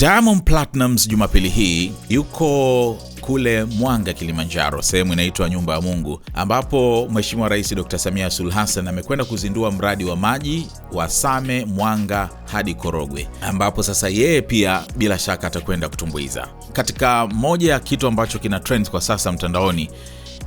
Diamond Platinums Jumapili hii yuko kule Mwanga, Kilimanjaro, sehemu inaitwa Nyumba ya Mungu, ambapo Mheshimiwa Rais Dr. Samia Suluhu Hassan amekwenda kuzindua mradi wa maji wa Same Mwanga hadi Korogwe, ambapo sasa yeye pia bila shaka atakwenda kutumbuiza. Katika moja ya kitu ambacho kina trend kwa sasa mtandaoni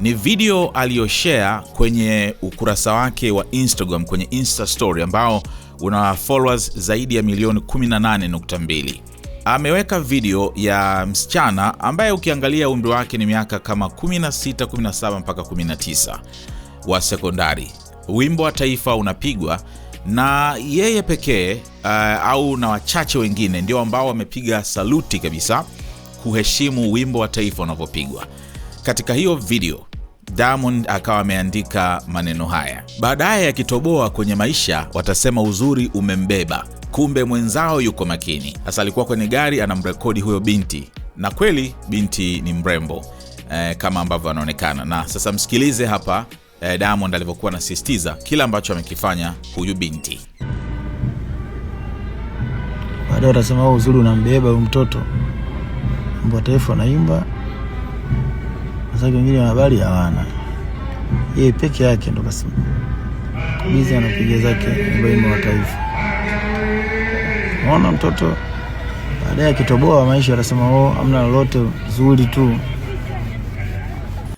ni video aliyoshare kwenye ukurasa wake wa Instagram, kwenye Insta story ambao una followers zaidi ya milioni 18.2 ameweka video ya msichana ambaye ukiangalia umri wake ni miaka kama 16, 17 mpaka 19 wa sekondari. Wimbo wa taifa unapigwa na yeye pekee uh, au na wachache wengine ndio ambao wamepiga saluti kabisa kuheshimu wimbo wa taifa unavyopigwa. Katika hiyo video Diamond akawa ameandika maneno haya, baadaye akitoboa kwenye maisha watasema uzuri umembeba kumbe mwenzao yuko makini. Sasa alikuwa kwenye gari anamrekodi huyo binti, na kweli binti ni mrembo eh, kama ambavyo anaonekana. Na sasa msikilize hapa eh, Diamond alivyokuwa anasistiza kile ambacho amekifanya huyu binti. Baadaye watasema oh, u uzuri unambeba huyu mtoto, mbo ya anaimba, wenzake wengine wana hawana, yeye peke yake ndo kasema bizi anapiga zake wimbo wa taifa. Unaona mtoto baadaye akitoboa maisha anasema oh, amna lolote zuri tu.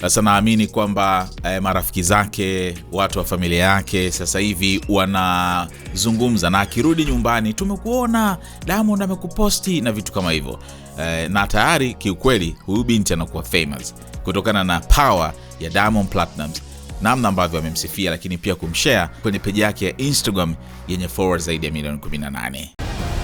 Sasa naamini kwamba eh, marafiki zake, watu wa familia yake sasa hivi wanazungumza, na akirudi nyumbani, tumekuona Diamond amekuposti na vitu kama hivyo eh, na tayari kiukweli, huyu binti anakuwa famous kutokana na power ya Diamond Platnumz, namna ambavyo amemsifia, lakini pia kumshare kwenye peji yake ya Instagram yenye followers zaidi ya milioni 18